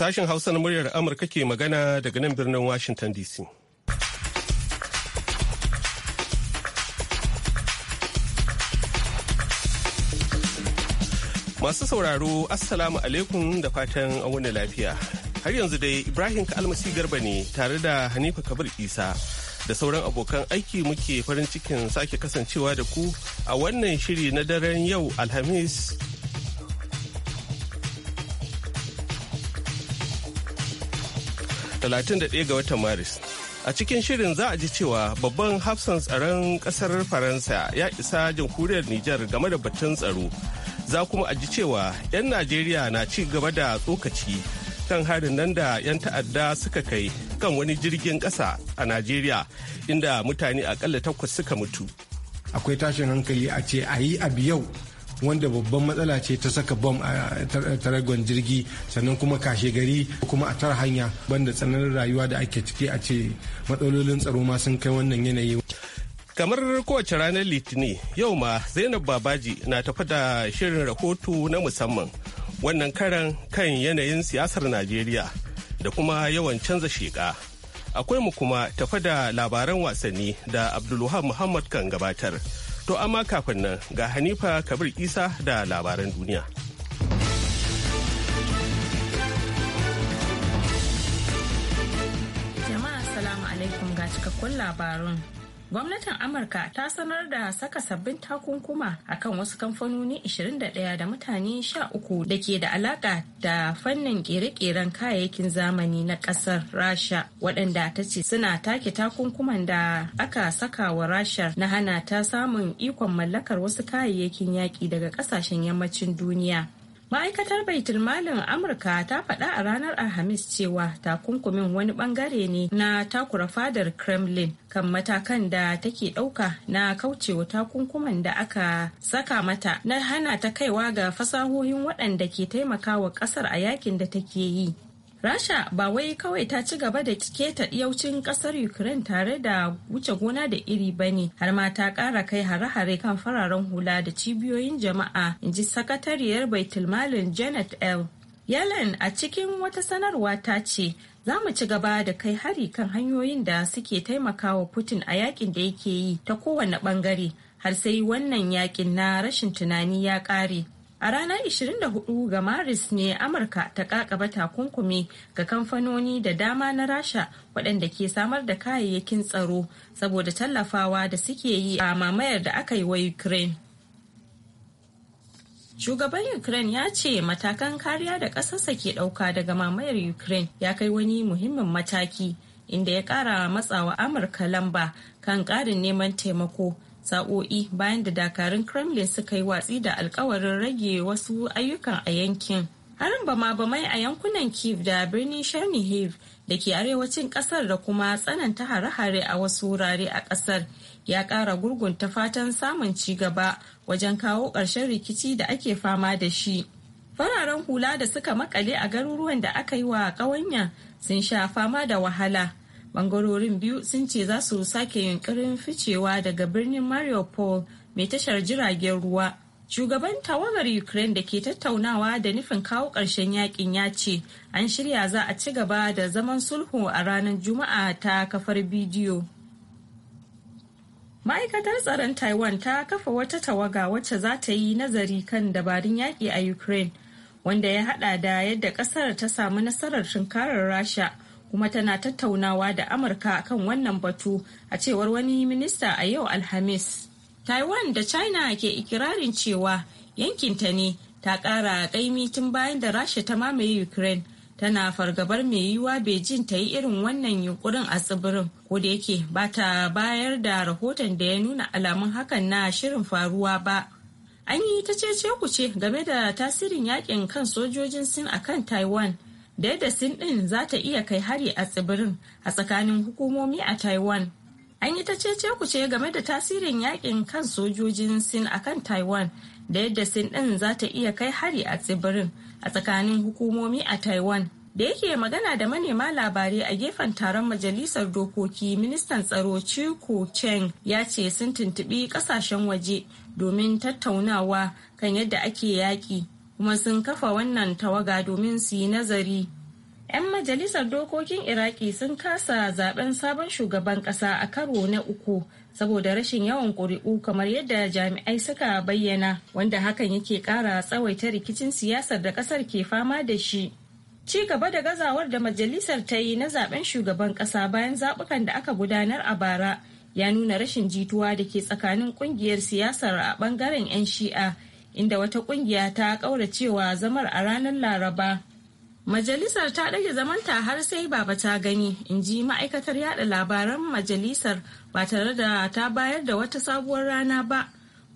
Sashen Hausa na muryar Amurka ke magana daga nan birnin Washington DC. Masu sauraro, Assalamu alaikum da fatan wani lafiya. Har yanzu dai Ibrahim Kalmasi Garba ne tare da Hanifa Kabir Isa da sauran abokan aiki muke farin cikin sake kasancewa da ku a wannan shiri na daren yau Alhamis 31 ga watan maris a cikin shirin za a ji cewa babban hafsan tsaron kasar faransa ya isa jamhuriyar niger game da batun tsaro za kuma a ji cewa 'yan najeriya na ci gaba da tsokaci kan harin nan da 'yan ta'adda suka kai kan wani jirgin kasa a najeriya inda mutane akalla takwas suka mutu akwai tashin hankali a ce a yi abu yau wanda babban matsala ce ta saka bom a taragon jirgi sannan kuma kashe gari kuma a tara hanya banda tsananin rayuwa da ake ciki a ce matsalolin tsaro ma sun kai wannan yanayi kamar kowace ranar litini yau ma zainab babaji na tafi da shirin rahoto na musamman wannan karan kan yanayin siyasar najeriya da kuma yawan canza sheka akwai mu kuma tafi da labaran wasanni da abdulluhan muhammad kan gabatar To amma kafin nan ga Hanifa Kabir Isa da labaran duniya. Jama'a salamu alaikum ga cikakkun labarun. Gwamnatin Amurka ta sanar da saka sabbin takunkuma a kan wasu kamfanoni 21 da mutane 13 da ke da alaka da fannin kere-keren kayayyakin zamani na kasar Rasha waɗanda ta ce suna take takunkuman da aka saka wa Rasha na hana ta samun ikon mallakar wasu kayayyakin yaƙi daga ƙasashen yammacin duniya. ma'aikatar baitul malin amurka ta faɗa a ranar alhamis cewa takunkumin wani ɓangare ne na takura fadar kremlin kan matakan da take ɗauka na kaucewa takunkuman da aka saka mata na hana ta kaiwa ga fasahohin waɗanda ke taimakawa ƙasar a yakin da take yi Rasha ba wai kawai ta ci gaba da ta yaucin ƙasar Ukraine tare da wuce gona da iri ba ne, har ma ta ƙara kai hare-hare kan fararen hula da cibiyoyin jama'a, in ji sakatariyar Baitulmalin Janet L. Yellen a cikin wata sanarwa ta ce, za mu ci gaba da kai hari kan hanyoyin da suke taimakawa Putin a yakin da yake yi ta kowane ɓangare, har sai wannan yakin na rashin tunani ya ƙare. A ranar 24 ga Maris ne Amurka ta kakaba takunkumi ga kamfanoni da dama na Rasha waɗanda ke samar da kayayyakin tsaro saboda tallafawa da suke yi a mamayar da aka yi wa Ukraine. Shugaban Ukraine ya ce matakan kariya da ƙasarsa ke ɗauka daga mamayar Ukraine ya kai wani muhimmin mataki inda ya ƙara matsawa Amurka lamba kan ƙarin neman taimako sa'o'i bayan da dakarun kremlin suka yi watsi da alkawarin rage wasu ayyukan a yankin harin bama-bamai a yankunan kiev da birnin chernihiv da ke arewacin kasar da kuma tsananta hare-hare a wasu wurare a kasar ya kara gurgunta fatan samun ci gaba wajen kawo ƙarshen rikici da ake fama da shi fararen hula da suka makale a garuruwan da aka yi wa ƙawanya sun sha fama da wahala bangarorin biyu sun ce za su sake yunkurin ficewa daga birnin mariupol mai tashar jiragen ruwa shugaban tawagar ukraine da ke tattaunawa da nufin kawo ƙarshen yakin ya ce an shirya za a ci gaba da zaman sulhu a ranar juma'a ta kafar bidiyo ma'aikatar tsaron taiwan ta kafa wata tawaga wacce za ta yi nazari kan dabarun yaƙi a ukraine wanda ya hada da yadda ƙasar ta samu nasarar tunkarar rasha kuma tana tattaunawa da amurka kan wannan batu a cewar wani minista a yau alhamis taiwan da china ke ikirarin cewa yankinta ne ta kara kaimi tun bayan da rasha ta mamaye ukraine tana fargabar mai yiwuwa beijing ta yi irin wannan yunkurin a tsibirin ko da yake ba ta bayar da rahoton da ya nuna alamun hakan na shirin faruwa ba an yi ta cece kuce game da tasirin yakin kan sojojin sin a kan taiwan da sin ɗin za ta iya kai hari a tsibirin a tsakanin hukumomi a taiwan an yi ta cece kuce game da tasirin yakin kan sojojin sin a kan taiwan da yadda sin ɗin za ta iya kai hari a tsibirin a tsakanin hukumomi a taiwan da yake magana da manema labarai a gefen taron majalisar dokoki ministan tsaro ciko cheng ya ce sun tuntubi kasashen waje domin tattaunawa kan yadda ake yaƙi kuma sun kafa wannan tawaga domin su yi nazari 'yan majalisar dokokin iraki sun kasa zaben sabon shugaban kasa a karo na uku saboda rashin yawan ƙuri'u kamar yadda jami'ai suka bayyana wanda hakan yake ƙara tsawaita rikicin siyasar da ƙasar ke fama da shi ci gaba da gazawar da majalisar ta yi na zaben shugaban ƙasa bayan zaɓukan da aka gudanar a bara ya nuna rashin jituwa da ke tsakanin ƙungiyar siyasar a ɓangaren 'yan shi'a inda wata kungiya ta kaura cewa zamar a ranar laraba majalisar ta ɗage zamanta har sai baba ta gani in ji ma'aikatar yada labaran majalisar ba tare da ta bayar da wata sabuwar rana ba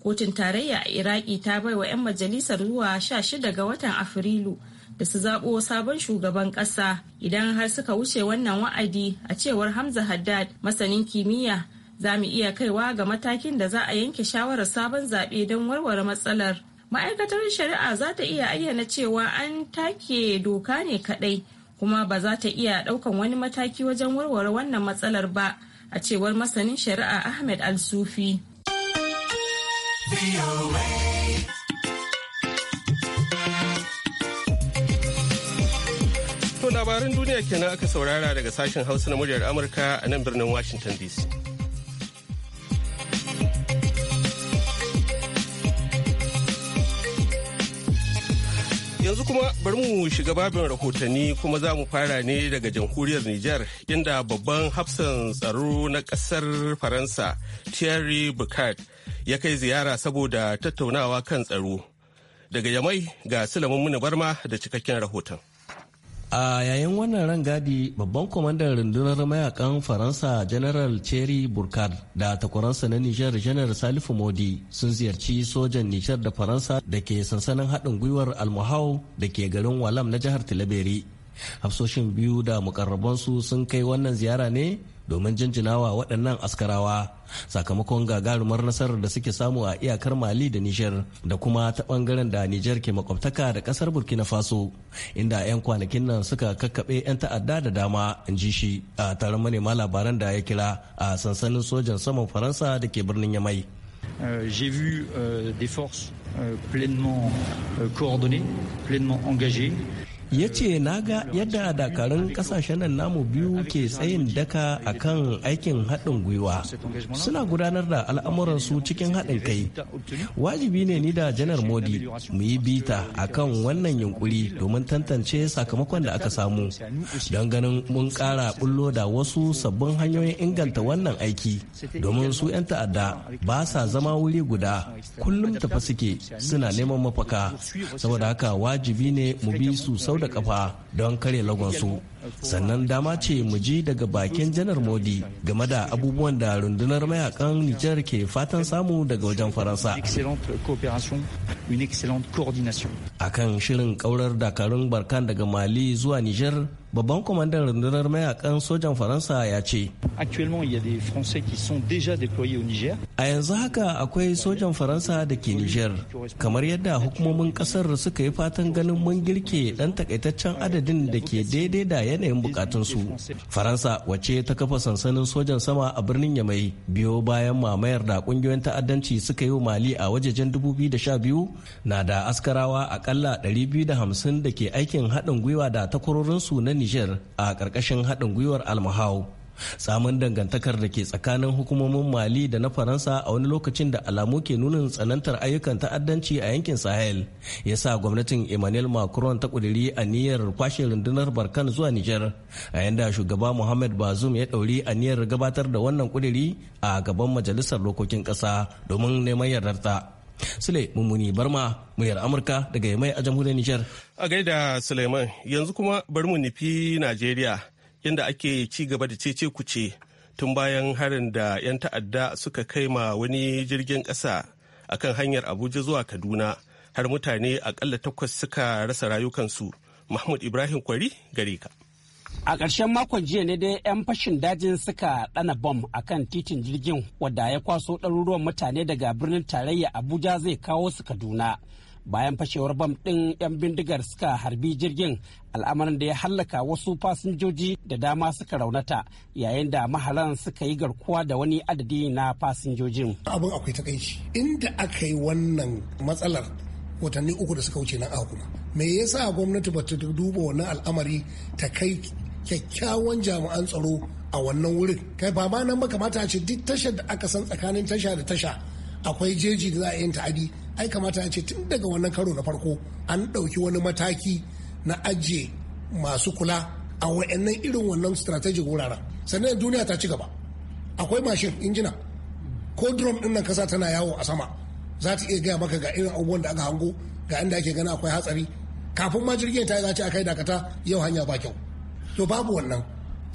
kotun tarayya a iraki ta bai wa 'yan majalisar zuwa 16 ga watan afrilu da su zaɓo sabon shugaban ƙasa idan har suka wuce wannan wa'adi a cewar hamza haddad masanin kimiyya za mu iya kaiwa ga matakin da za a yanke shawarar sabon zaɓe don warware matsalar ma'aikatar shari'a za ta iya ayyana cewa an take doka ne kaɗai kuma ba za ta iya ɗaukan wani mataki wajen warware wannan matsalar ba a cewar masanin shari'a ahmed al-sufi labarin labaran duniya kenan aka saurara daga sashen hausa na muryar amurka a nan birnin washington dc yanzu kuma bari mu shiga babin rahotanni kuma za mu fara ne daga jamhuriyar Nijar inda babban hafsan tsaro na kasar Faransa Thierry Bucard ya kai ziyara saboda tattaunawa kan tsaro. Daga Yamai ga Sulaiman Muna Barma da cikakken rahoton. a yayin wannan rangadi babban kwamandan rundunar mayakan faransa general thierry burkard da takwaransa na nijar general salifu modi sun ziyarci sojan nijar da faransa da ke sansanin haɗin gwiwar almuhau da ke garin walam na jihar tilaberi hafsoshin biyu da mukarrabansu sun kai wannan ziyara ne domin jinjinawa waɗannan askarawa sakamakon gagarumar nasarar da suke samu a iyakar mali da nijar da kuma ta ɓangaren da nijar ke makwabtaka da ƙasar burkina faso inda 'yan kwanakin nan suka kakkaɓe 'yan ta'adda da dama in ji shi a taron manema labaran da ya kira a sansanin sojan saman faransa da ke birnin yamai Uh, j'ai uh, coordonnées, ya ce na ga yadda dakarun kasashen nan namu biyu ke tsayin daka a kan aikin haɗin gwiwa suna gudanar da al'amuransu cikin haɗin kai wajibi ne ni da janar modi mu yi bita a kan wannan yunkuri domin tantance sakamakon da aka samu don ganin mun ƙara bullo da wasu sabbin hanyoyin inganta wannan aiki domin su 'yan ta'adda ba sa zama wuri guda kullum tafa suke suna neman mafaka saboda haka wajibi ne mu bi su sau da kafa don kare lagonsu sannan dama ce mu ji daga bakin janar modi game da abubuwan da rundunar mayakan nijar ke fatan samu daga wajen faransa akan shirin kaurar dakarun barkan daga mali zuwa nijar babban kwamandan rundunar mayakan sojan faransa ya ce a yanzu haka akwai sojan faransa da ke nijar kamar yadda hukumomin kasar suka yi fatan ganin mun girke dan takaitaccen adadin da ke daidai da yanayin su faransa wace ta kafa sansanin sojan sama a birnin yamai biyo bayan mamayar da kungiyoyin ta'addanci suka yi wa mali a wajejen 2012 na da askarawa akalla 250 da ke aikin haɗin gwiwa da takwarorinsu na niger a ƙarƙashin haɗin gwiwar almahau samun dangantakar da ke tsakanin hukumomin mali da na faransa a wani lokacin da alamu ke nunin tsanantar ayyukan ta'addanci a yankin sahel ya sa gwamnatin emmanuel macron ta a niyyar kwashe rundunar barkan zuwa niger a yanda shugaba mohamed bazum ya dauri niyyar gabatar da wannan kuduri a gaban majalisar dokokin kasa domin neman yardarta sule mummuni barma muryar amurka daga yamai a jamhuriyar niger a gaida suleiman yanzu kuma bari mu nufi najeriya inda ake ci gaba da cece kuce tun bayan harin da 'yan ta'adda suka kai ma wani jirgin ƙasa kan hanyar abuja zuwa kaduna har mutane akalla takwas suka rasa rayukansu mahmud ibrahim kwari gare ka a ƙarshen makon jiya ne dai 'yan fashin dajin suka ɗana bom a kan titin jirgin wadda ya kwaso ɗaruruwan mutane daga birnin tarayya abuja zai kawo su kaduna bayan fashewar bam ɗin 'yan bindigar suka harbi jirgin al'amarin da ya hallaka wasu fasinjoji da dama suka raunata yayin da mahalan suka yi garkuwa da wani adadi na fasinjojin. abin akwai takaici inda aka yi wannan matsalar watanni uku da suka wuce nan a kuma me yasa gwamnati ba ta duba wannan al'amari ta kai kyakkyawan jami'an tsaro a wannan wurin kai ba ma nan ba kamata a ce duk tashar da aka san tsakanin tasha da tasha akwai jeji da za a yin ta'adi ai kamata a ce tun daga wannan karo na farko an ɗauki wani mataki na ajiye masu kula a wa'annan irin wannan strategic wuraren sannan duniya ta ci gaba akwai mashin injina ko drum ɗin nan kasa tana yawo a sama za ta iya gaya maka ga irin abubuwan da aka hango ga inda ake gana akwai hatsari kafin ma jirgin ta yi zace kai dakata yau hanya ba kyau to babu wannan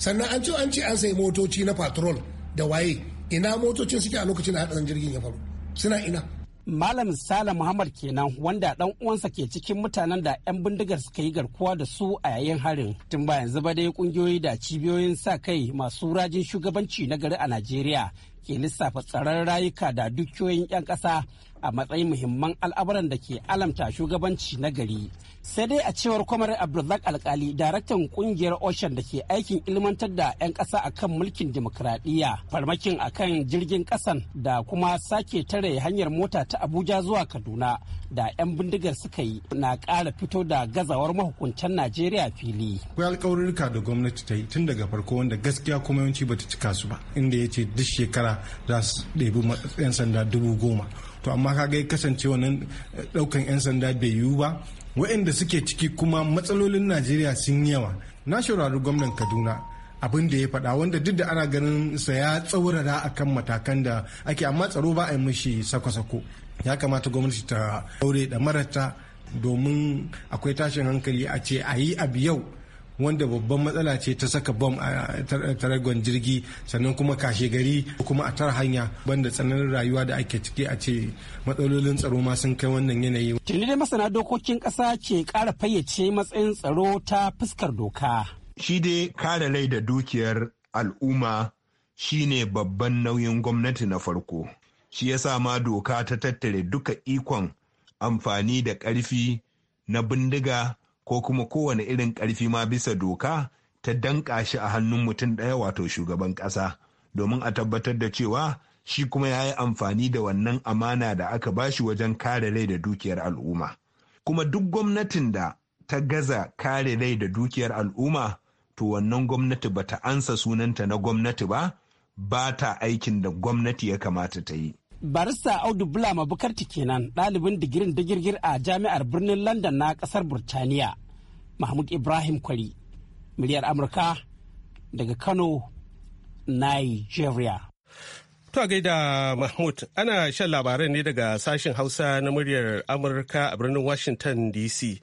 sannan an ce an ce an sayi motoci na patrol da waye ina motocin suke a lokacin da hadarin jirgin ya faru suna ina Malam Sala Muhammad kenan wanda dan uwansa ke cikin mutanen da 'yan bindigar suka yi garkuwa da su a yayin harin. Tun ba yanzu ba dai kungiyoyi da cibiyoyin sa kai masu rajin shugabanci na gari a Najeriya ke lissafa tsaron rayuka da dukiyoyin 'yan ƙasa a matsayin muhimman al'amuran da ke alamta shugabanci na gari. sai dai a cewar kwamar abdulrazak alkali daraktan kungiyar ocean da ke aikin ilmantar da 'yan ƙasa akan mulkin dimokuraɗiyya farmakin akan jirgin kasan da kuma sake tare hanyar mota ta abuja zuwa kaduna da 'yan bindigar suka yi na kara fito da gazawar mahukuntan najeriya fili akwai alkawarurruka da gwamnati ta yi tun daga farko wanda gaskiya kuma yawanci bata cika su ba inda ya ce duk shekara za su ɗebi matsayin sanda dubu goma to amma kaga ya kasance wannan ɗaukan 'yan sanda bai yiwu ba waɗanda suke ciki kuma matsalolin najeriya sun yawa na shaurari gwamnan kaduna abin da ya faɗa wanda duk da ana ganin sa ya tsaurara akan matakan da ake amma tsaro ba a yi mishi sako-sako ya kamata gwamnati ta daure da marata domin akwai tashin hankali a ce a yi abu yau wanda babban matsala ce ta saka bom a taragon jirgi sannan kuma kashe gari kuma a tar hanya banda tsananin rayuwa da ake ciki a ce matsalolin tsaro ma sun kai wannan yanayi. Tuni dai masana dokokin ƙasa ke kara fayyace matsayin tsaro ta fuskar doka. Shi dai kare rai da dukiyar al'umma shine babban nauyin gwamnati na farko. Shi ya sa ma doka ta tattare duka ikon amfani da ƙarfi na bindiga ko kuma kowane irin ƙarfi ma bisa doka ta danƙa shi a hannun mutum ɗaya wato shugaban ƙasa domin a tabbatar da cewa shi kuma ya yi amfani da wannan amana da aka bashi wajen kare rai da dukiyar al'umma. Kuma duk gwamnatin da ta gaza kare rai da dukiyar al'umma to wannan gwamnati ba ta ansa sunanta na gwamnati ba, ba ta aikin da gwamnati ya kamata ta yi. barista audu ma bukarti kenan ɗalibin digirin digirgir a jami'ar birnin london na ƙasar burtaniya mahmud ibrahim kwari miliyar amurka daga kano nigeria To gaida Mahmud ana shan labarai ne daga sashen Hausa na muryar Amurka a birnin Washington DC.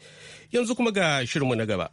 Yanzu kuma ga shirinmu na gaba.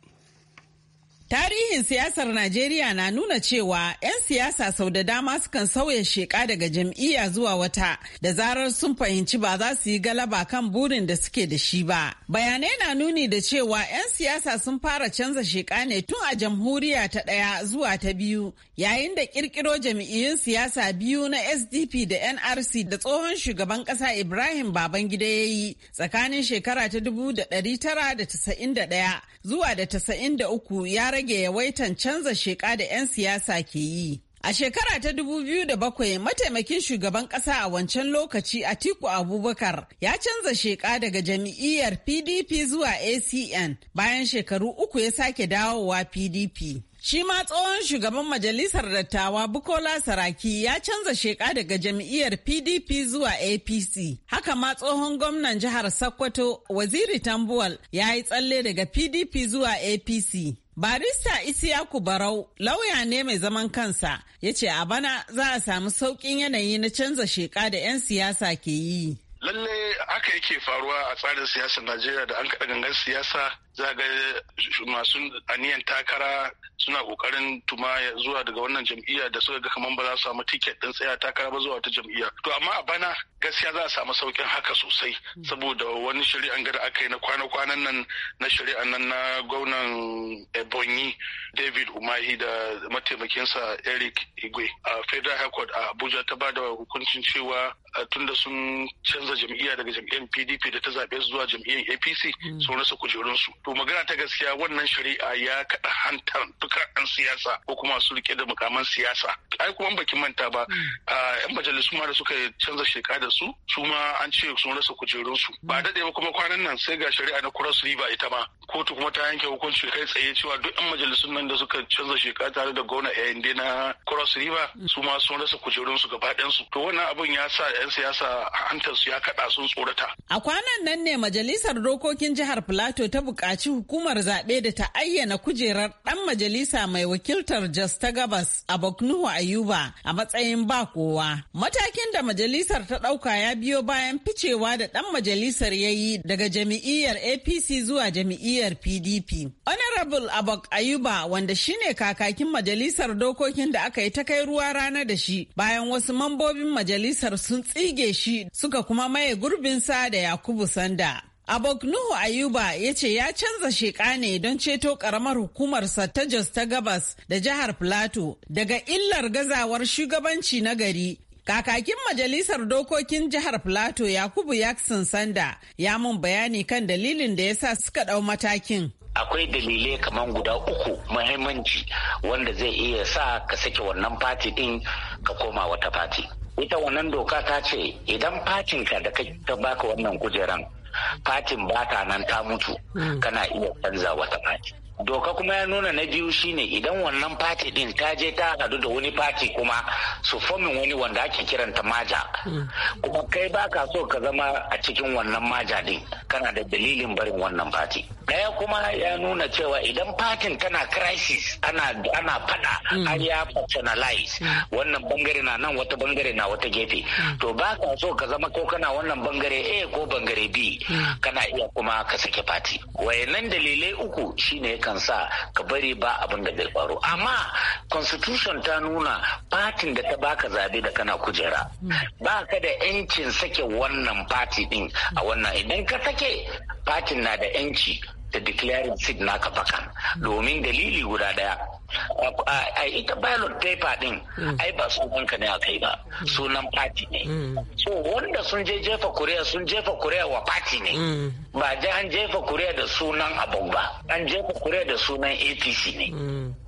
Tarihin siyasar Najeriya na nuna cewa 'yan siyasa sau da dama sukan sauya sheka daga jam'iyya zuwa wata da zarar sun fahimci ba za su yi galaba kan burin da suke da shi ba. Bayanai na nuni da cewa 'yan siyasa sun fara canza sheƙa ne tun a jamhuriya ta ɗaya zuwa ta biyu yayin da ƙirƙiro jam'iyyun siyasa biyu na SDP da NRC da tsohon shugaban ƙasa Ibrahim Babangida ya yi tsakanin shekara ta 1991 zuwa da 93 ya rage yawaitan canza sheka da 'yan siyasa ke yi. A shekara ta 2007 mataimakin shugaban ƙasa a wancan lokaci Atiku Abubakar ya canza sheka daga jam'iyyar PDP zuwa ACN bayan shekaru uku ya sake dawowa PDP. Shi ma tsohon shugaban majalisar dattawa Bukola Saraki ya canza sheka daga jam'iyyar PDP zuwa APC. Haka ma tsohon gwamnan jihar Sokoto Waziri Tambuwal ya yi tsalle daga PDP zuwa APC. Barista Isiyaku Barau lauya ne mai zaman kansa ya ce a bana za a samu sauƙin yanayi na canza sheka da 'yan siyasa ke yi. lalle haka yake faruwa a tsarin siyasar najeriya da an kaɗa gangan siyasa za ga masu aniyan takara suna kokarin tuma zuwa daga wannan jam'iyya da suka ga kamar ba za su samu tiket din tsaya takara ba zuwa ta jam'iyya to amma a bana gaskiya za a samu saukin haka sosai saboda wani shari'an gada aka yi na kwana-kwanan nan na shari'an nan na gwamnan ebonyi david umahi da mataimakinsa eric igwe a federal high court a abuja ta ba da hukuncin cewa tunda sun canza jam'iyya daga jam'iyyar pdp da ta zaɓe zuwa jam'iyyar apc hmm. sun rasa kujerunsu to magana ta gaskiya wannan shari'a ya kaɗa hantar duka ɗan siyasa ko kuma su rike da mukaman siyasa ai kuma an baki manta ba hmm. a yan majalisu ma da suka canza sheka da su su ma an ce sun rasa kujerunsu hmm. ba daɗe ba kuma kwanan nan sai ga shari'a na cross riba ita ma kotu kuma ta yanke hukunci kai tsaye cewa duk yan majalisun nan da suka canza sheka tare da gwamna yayin na cross river hmm. su ma sun rasa kujerunsu gaba su to wannan abun ya sa yan siyasa hantar su ya kaɗa sun tsorata a kwanan nan ne majalisar dokokin jihar plateau ta buƙaci buƙaci hukumar zaɓe da ta ayyana kujerar ɗan majalisa mai wakiltar Jos ta Gabas a Baknuhu Ayuba a matsayin ba kowa. Matakin da majalisar ta ɗauka ya biyo bayan ficewa da ɗan majalisar ya yi daga jami'iyyar APC zuwa jami'iyyar PDP. Honorable Abok Ayuba wanda shine kakakin majalisar dokokin da aka yi ta kai ruwa rana da shi bayan wasu mambobin majalisar sun tsige shi suka kuma maye gurbinsa da Yakubu Sanda. Abok Nuhu Ayuba ya ce ya canza sheƙa ne don ceto ƙaramar hukumarsa ta Jos ta Gabas da jihar Plateau daga illar gazawar shugabanci na gari. Kakakin Majalisar Dokokin Jihar Plateau Yakubu Yaksin Sanda ya mun bayani kan dalilin da ya sa suka ɗau matakin. akwai dalilai kamar guda uku muhimmanci wanda zai iya sa ka sake wannan fati din ka koma wata fati ita wannan doka ta ce idan fatinka da ka baka wannan kujeran fatin ba ta nan ta mutu mm. kana iya canza wata fati doka kuma ya nuna na biyu shine idan wannan fati din ta je ta hadu da wani fati kuma su fomin wani wanda ake kiranta maja kuma kai baka so ka zama a cikin wannan maja din kana da dalilin barin wannan fati daya kuma ya nuna cewa idan fatin tana crisis ana ana fada hmm. an ya personalize hmm. wannan bangare na nan wata bangare na wata gefe hmm. to baka so ka zama ko kana wannan bangare a ko bangare b kana iya kuma ka sake fati wayannan dalilai uku shine Kan sa ka bari ba abin da zai faru amma constitution ta nuna fatin da ta baka zabe da kana kujera ba ka da yancin sake wannan fati din a wannan idan ka sake fatin na da yanci da declaring seed naka baka domin dalili guda daya a ita ballot paper din mm. ai ba ka ne aka yi ba mm. sunan party ne mm. so wanda sun je jefa kuriya sun jefa kuriya wa party ne ba je an jefa kuriya da sunan abu ba an jefa kuriya da sunan apc ne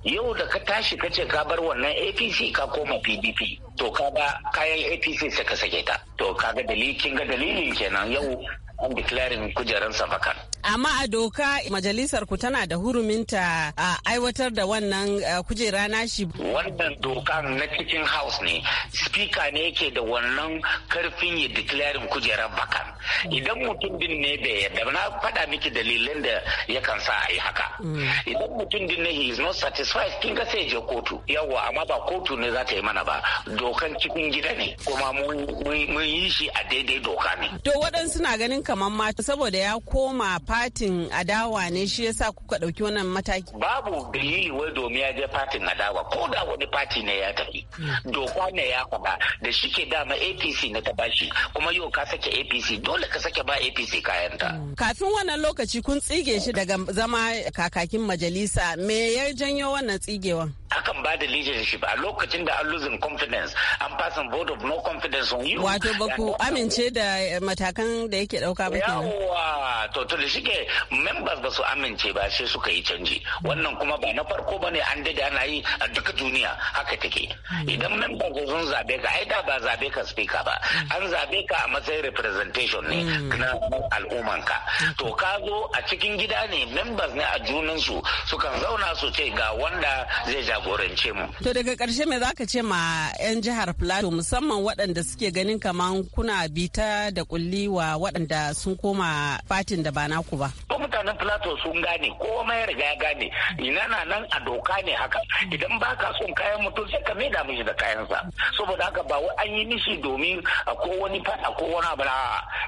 yau da ka tashi ka ce ka bar wannan apc ka koma pdp to ka ba kayan apc sai ka sake ta to kaga dalilin ga dalilin kenan yau an declaring kujeransa safakan amma a doka majalisar ku tana da huruminta a aiwatar da wannan kujera nashi wannan doka na cikin house ne speaker ne yake da wannan karfin ya declaring kujerar baka idan mutum din ne bai yarda na faɗa miki dalilin da ya kan sa a haka mm. idan mutum din ne he is not satisfied kin ga sai je kotu yawa amma ba kotu ne za ta yi mana ba dokan cikin gida ne kuma mun yi shi a daidai doka ne to waɗansu na ganin kamar ma saboda ya koma fatin adawa ne shi yasa kuka ɗauki wannan mataki? Babu dalili wai domin ya je fatin adawa ko da wani fati ne ya tafi. Doka ne ya faɗa da shi ke dama APC na ta bashi kuma yau ka sake APC dole ka sake ba APC kayanta. Kafin wannan lokaci kun tsige shi daga zama kakakin majalisa me ya janyo wannan tsigewan? akan ba da leadership a lokacin da an losing confidence an fasin vote of no confidence on you wato ba ku amince da matakan da yake dauka ba kenan yawa to to da shike members ba su amince ba sai suka yi canji wannan kuma ba na farko ne an dade ana yi a duka duniya haka take hmm. idan members sun zabe ka ai da ba zabe ka speaker ba hmm. an zabe ka a matsayin representation ne hmm. na al'umman ka to ka zo a cikin gida ne members ne a junan su sukan zauna su ce ga wanda zai ja jagorance mu. To daga ƙarshe me ka ce ma 'yan jihar Plateau musamman waɗanda suke ganin kaman kuna bita da kulli wa waɗanda sun koma fatin da ba naku ba. Ko mutanen Plateau sun gane ko riga ya gane ina na nan a doka ne haka idan ba ka son kayan mutum sai ka maida mishi da kayansa saboda haka ba wai an yi mishi domin a ko wani fada ko wani abu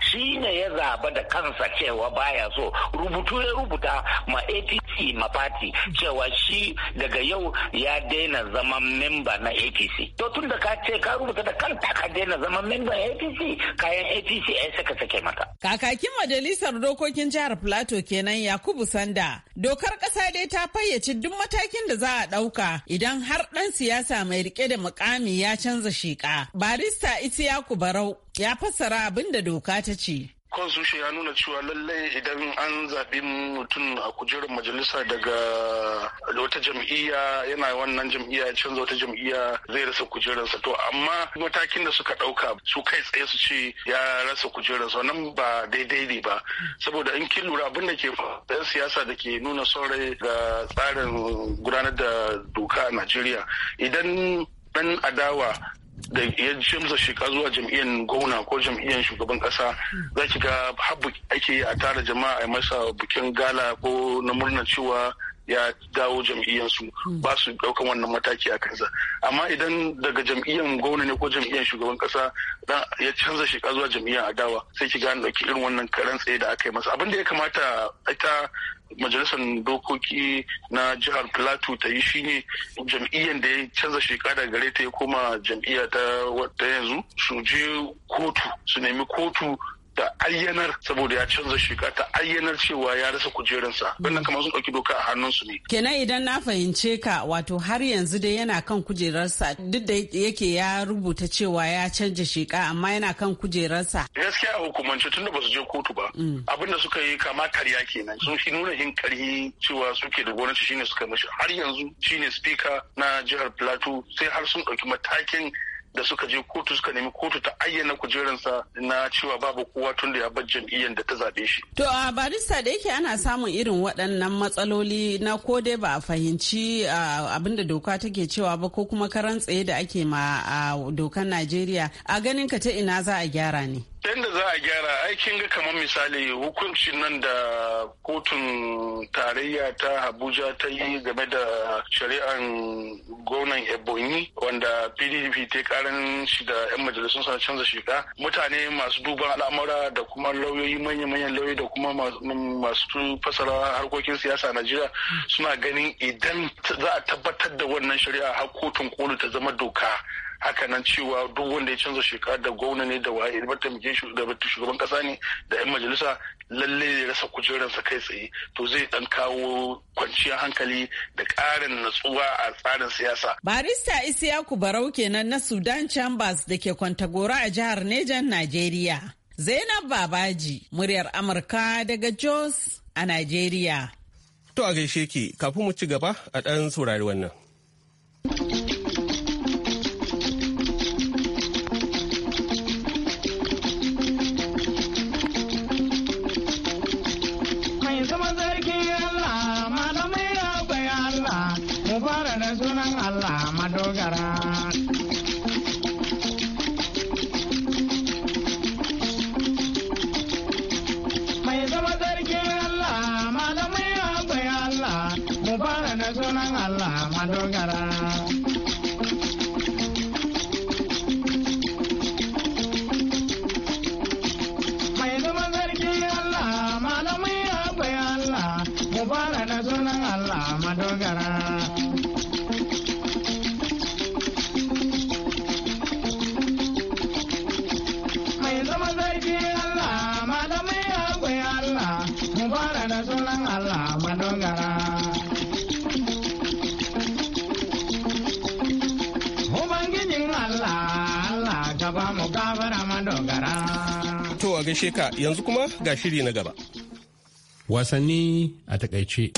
shi ne ya zaba da kansa cewa baya so rubutu ya rubuta ma APC ma party cewa shi daga yau ya daina zaman memba na apc to tun da ka ce ka rubuta da kanta ka daina zaman memba apc kayan apc yi saka sake mata kakakin majalisar dokokin jihar Filato kenan yakubu sanda dokar kasa dai ta fayyace duk matakin da za a ɗauka idan har dan siyasa mai rike da mukami ya canza shiƙa barista isiyaku barau ya fassara abin da doka ta ce constitution ya nuna cewa lallai idan an zaɓi mutum a kujerar majalisa daga wata jam'iyya yana wannan jam'iyya ya canza wata jam'iyya zai rasa kujerarsa to amma matakin da suka ɗauka su kai tsaye su ce ya rasa kujerarsa wannan ba daidai ne ba saboda in kin lura abin da ke yan siyasa da ke nuna saurayi ga tsarin gudanar da doka a najeriya idan dan adawa da ya shimza shika zuwa jam'iyyar gwamna ko jam'iyyar shugaban kasa za ki ga habu ake a tara jama'a a masa bukin gala ko na murnar cewa ya dawo jam'iyyansu ba su ɗaukan wannan mataki a kansa amma idan daga jam'iyyan gwamna ne ko jam'iyyan shugaban kasa ya canza shi zuwa jam'iyyan adawa sai ki gane dauki irin wannan karan tsaye da aka yi masa abin da ya kamata ita majalisar dokoki na jihar plateau ta yi shine jam'iyyan da ya canza shekara da gare ta ya koma jam'iyya ta yanzu su je kotu su nemi kotu ta ayyanar saboda ya canza shiga ta ayyanar cewa ya rasa kujerarsa wannan kamar sun ɗauki doka a hannun su ne. kenan idan na fahimce ka wato har yanzu dai yana kan kujerarsa duk da yake ya rubuta cewa ya canza shiga amma yana kan kujerarsa. gaskiya a hukumance tunda ba su je kotu ba mm. abinda suka yi kama karya kenan sun shi nuna yin karhi cewa suke da gwamnati shine suka mashi har yanzu shine speaker na jihar plateau sai har sun ɗauki matakin da suka je kotu suka nemi kotu ta ayyana kujeransa na cewa babu kowa tun da ya bar jam'iyyar da ta zaɓe shi. To a barista da yake ana samun irin waɗannan matsaloli na ko dai ba a fahimci abin da doka take cewa ba ko kuma karan tsaye da ake ma dokan Najeriya a ganin ka ta ina za a gyara ne. yadda za a gyara aikin ga kamar misali hukuncin nan da kotun tarayya ta Habuja ta yi game da shari'an gonan ebonyi wanda pdp ta karan shi da 'yan majalisun sana canza shiga mutane masu duban al'amura da kuma lauyoyi manya-manyan lauyoyi da kuma masu fasara harkokin siyasa a najeriya suna ganin idan za a tabbatar da wannan shari'a har kotun kolu ta zama doka hakanan cewa duk wanda ya canza shekara da gwamna ne da waye ba tambaye shi da shugaban kasa ne da yan majalisa lalle ya rasa sa kai tsaye to zai dan kawo kwanciyar hankali da ƙarin natsuwa a tsarin siyasa. Barista Isiyaku Barau kenan na Sudan Chambers da ke Kwantagora a jihar Nejan, Najeriya. Zainab Babaji, muryar Amurka daga Jos a Najeriya. To a gaishe ki, kafin mu ci gaba a ɗan saurari wannan. gaishe ka yanzu kuma ga shiri na gaba. Wasanni a takaice.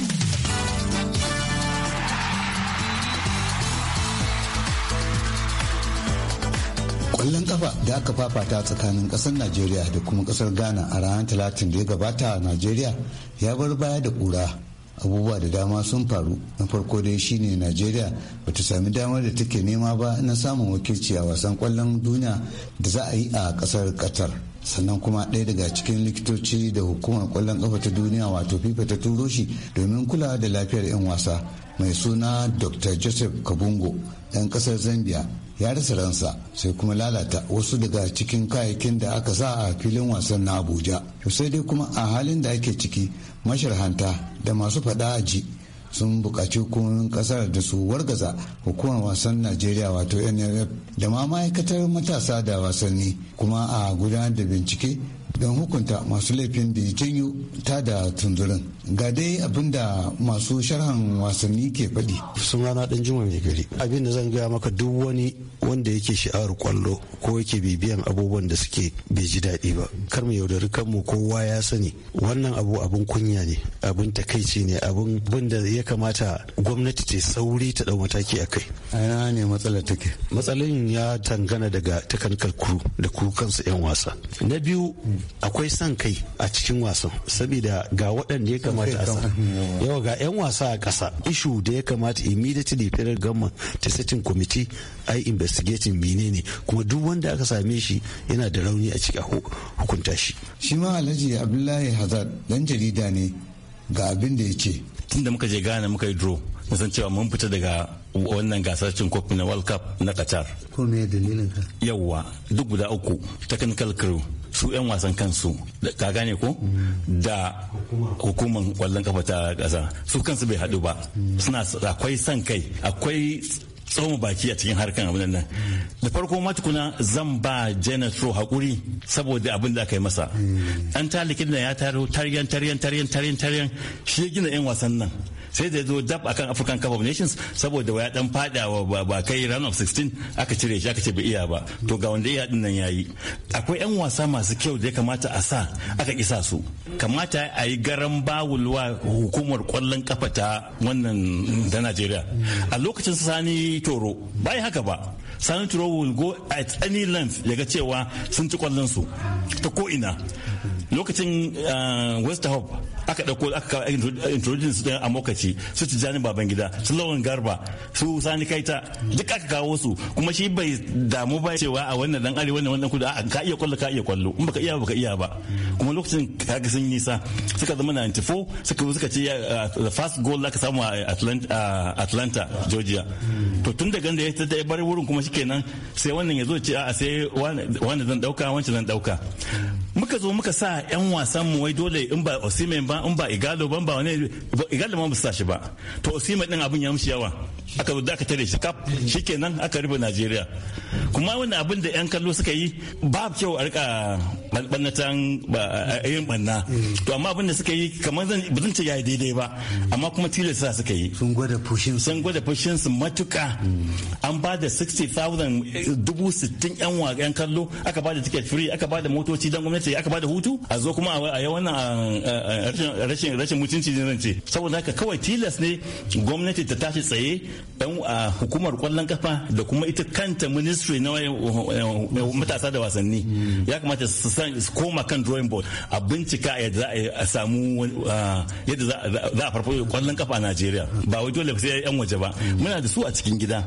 kwallon kafa da aka fafata tsakanin kasar najeriya da kuma kasar ghana a ranar talatin da ya gabata a najeriya ya bar baya da kura abubuwa da dama sun faru na farko dai shine najeriya bata sami damar da take nema ba na samun wakilci a wasan kwallon duniya da za a yi a kasar qatar sannan kuma ɗaya daga cikin likitoci da hukumar ƙwallon ƙafa ta duniya wato fifa ta turo shi domin kula da lafiyar 'yan wasa mai suna dr joseph kabungo ɗan ƙasar zambia ya rasa ransa sai kuma lalata wasu daga cikin kayayyakin da aka sa a filin wasan na abuja sai dai kuma a halin da ake ciki masharhanta da masu faɗa a ji sun bukaci hukumomin ƙasar da su wargaza hukumar wasan najeriya wato nff da ma ma'aikatar matasa da wasanni kuma a gudanar da bincike don hukunta masu laifin da ya janyo ta da tunzurin ga dai abinda masu sharhan wasanni ke faɗi rana dan juma mai gari abin da zan gaya maka duk wani wanda yake sha'awar kwallo ko yake bibiyan abubuwan da suke bai ji daɗi ba kar mu yaudari kanmu kowa ya sani wannan abu abun kunya ne abun takaici ne abun bin da ya kamata gwamnati ta sauri ta ɗau mataki a kai ina ne matsalar take matsalin ya tangana daga takankar kuru da ku kansu 'yan wasa na biyu akwai son kai a cikin wasan saboda ga waɗanda ya kamata a sa yawa ga 'yan wasa a ƙasa ishu da ya kamata immediately federal government ta setting committee i investigating menene kuma duk wanda aka same shi yana da rauni a cikin hukunta shi shi ma alhaji abdullahi hazard dan jarida ne ga abin da ya ce tunda muka je gane muka yi draw na san cewa mun fita daga wannan gasar cin kofi na world cup na qatar ko me dalilin ka yawwa duk guda uku technical crew su 'yan wasan kansu ka gane ko da hukumar kwallon kafa ta kasa su kansu bai haɗu ba suna akwai san kai akwai tsoma baki a cikin harkan abin nan da farko matukuna zan ba janet hakuri saboda abin da aka yi masa hmm. an talikin da ya taro taryan taryan taryan taryan shi gina yan wasan nan sai da zo dab akan African Cup of Nations saboda waya dan fada wa ba kai round of 16 aka cire shi aka ce bai iya ba to ga wanda iya din nan yayi akwai yan wasa masu kyau da ya kamata a sa aka kisa su kamata a yi garan bawulwa hukumar kwallon kafa ta wannan da Najeriya a lokacin Sani Toro bai haka ba Sani Toro will go at any length ya ga cewa sun ci kwallon su ta ko ina lokacin eh, West aka ɗauko aka kawo introducing su a mokaci su ci jani baban gida su lawan garba su sani kaita duk aka kawo su kuma shi bai damu ba cewa a wannan dan arewa wannan kudu a ka iya kwallo ka iya kwallo in baka iya baka iya ba kuma lokacin kaga sun nisa suka zama 94 suka suka ce uh, the first goal da ka samu a Atlanta uh, Atlanta Georgia to tun daga da ya bar wurin kuma shikenan sai wannan ya zo ce a sai wannan zan dauka wancan zan dauka muka zo muka sa yan wasan mu wai dole in ba Osimhen ba in ba igalo ban ba wani igalo ma musa shi ba to osima din abin ya mushi yawa aka zo aka tare shi kaf shikenan aka rufe Najeriya kuma wannan abin da yan kallo suka yi ba kyau a rika ɓannatan yin ɓanna mm. to amma abin da suka yi kamar zan ba zan ce yayi daidai ba mm. amma kuma tilasta suka yi sun gwada fushin sun gwada fushin su matuka mm. an ba da 60,000 eh, dubu sittin yan yan kallo aka ba da ticket free aka ba da motoci dan gwamnati aka ba da hutu a zo kuma a yi wannan rashin rashin mutunci ne zan ce saboda haka kawai tilas ne gwamnati ta tashi tsaye dan hukumar kwallon kafa da kuma ita kanta ministry na eh, eh, matasa da wasanni ya kamata su san koma kan drawing board a bincika yadda za a samu yadda za a farfaɗo kwallon kafa a Najeriya ba wai dole sai yan waje ba muna da su a cikin gida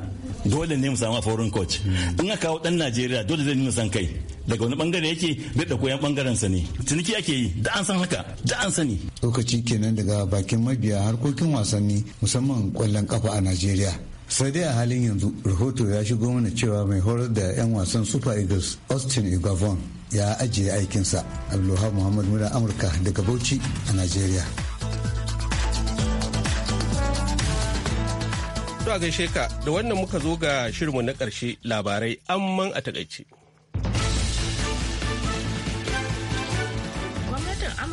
dole ne mu samu a foreign coach in aka kawo dan Najeriya dole zai nuna san kai daga wani bangare yake duk da koyan bangaren sa ne ciniki ake yi da an san haka da an sani lokaci kenan daga bakin mabiya harkokin wasanni musamman kwallon kafa a Najeriya sai dai a halin yanzu rahoto ya shigo mana cewa mai horar da 'yan wasan super eagles austin igavon ya ajiye aikinsa abdullahi muhammad muna amurka daga bauchi a nigeria a gaishe ka da wannan muka zo ga shirinmu na ƙarshe labarai amman a takaice.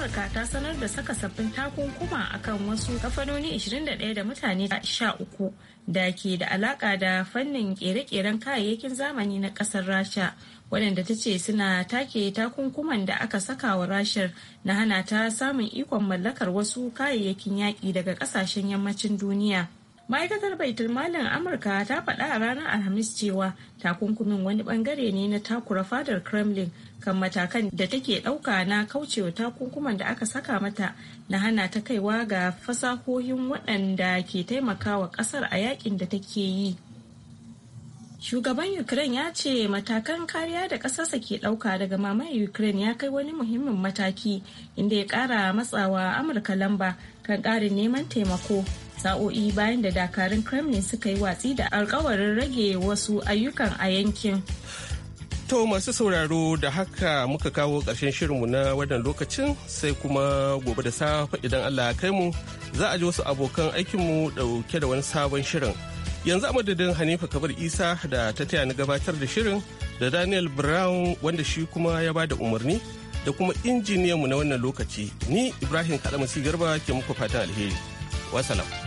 amurka ta sanar da saka sabbin takunkuma akan wasu kafanoni 21 da mutane 13 da ke da alaka da fannin kere-keren kayayyakin zamani na kasar rasha waɗanda ta ce suna take takunkuman da aka saka wa rashar na hana ta samun ikon mallakar wasu kayayyakin yaƙi daga ƙasashen yammacin duniya ma'aikatar malin amurka ta faɗa a ranar alhamis cewa takunkumin wani bangare ne na takura fadar kremlin kan matakan da take ɗauka na kaucewa takunkuman da aka saka mata na hana ta kaiwa ga fasahohin waɗanda ke taimakawa ƙasar a yakin da take yi shugaban ukraine ya ce matakan kariya da ƙasarsa ke ɗauka daga mamaye ukraine ya kai wani muhimmin mataki inda ya ƙara matsawa amurka lamba kan ƙarin neman taimako sa'o'i bayan da dakarun kremlin suka yi watsi da alkawarin rage wasu ayyukan a yankin to masu sauraro da haka muka kawo ƙarshen shirinmu na wannan lokacin sai kuma gobe da safe idan allah ya kai mu za a ji wasu abokan aikinmu ɗauke da wani sabon shirin yanzu a madadin hanifa kabar isa da ta taya ni gabatar da shirin da daniel brown wanda shi kuma ya ba da umarni da kuma injiniyanmu na wannan lokaci ni ibrahim kalamasi garba ke muku fatan alheri wasalam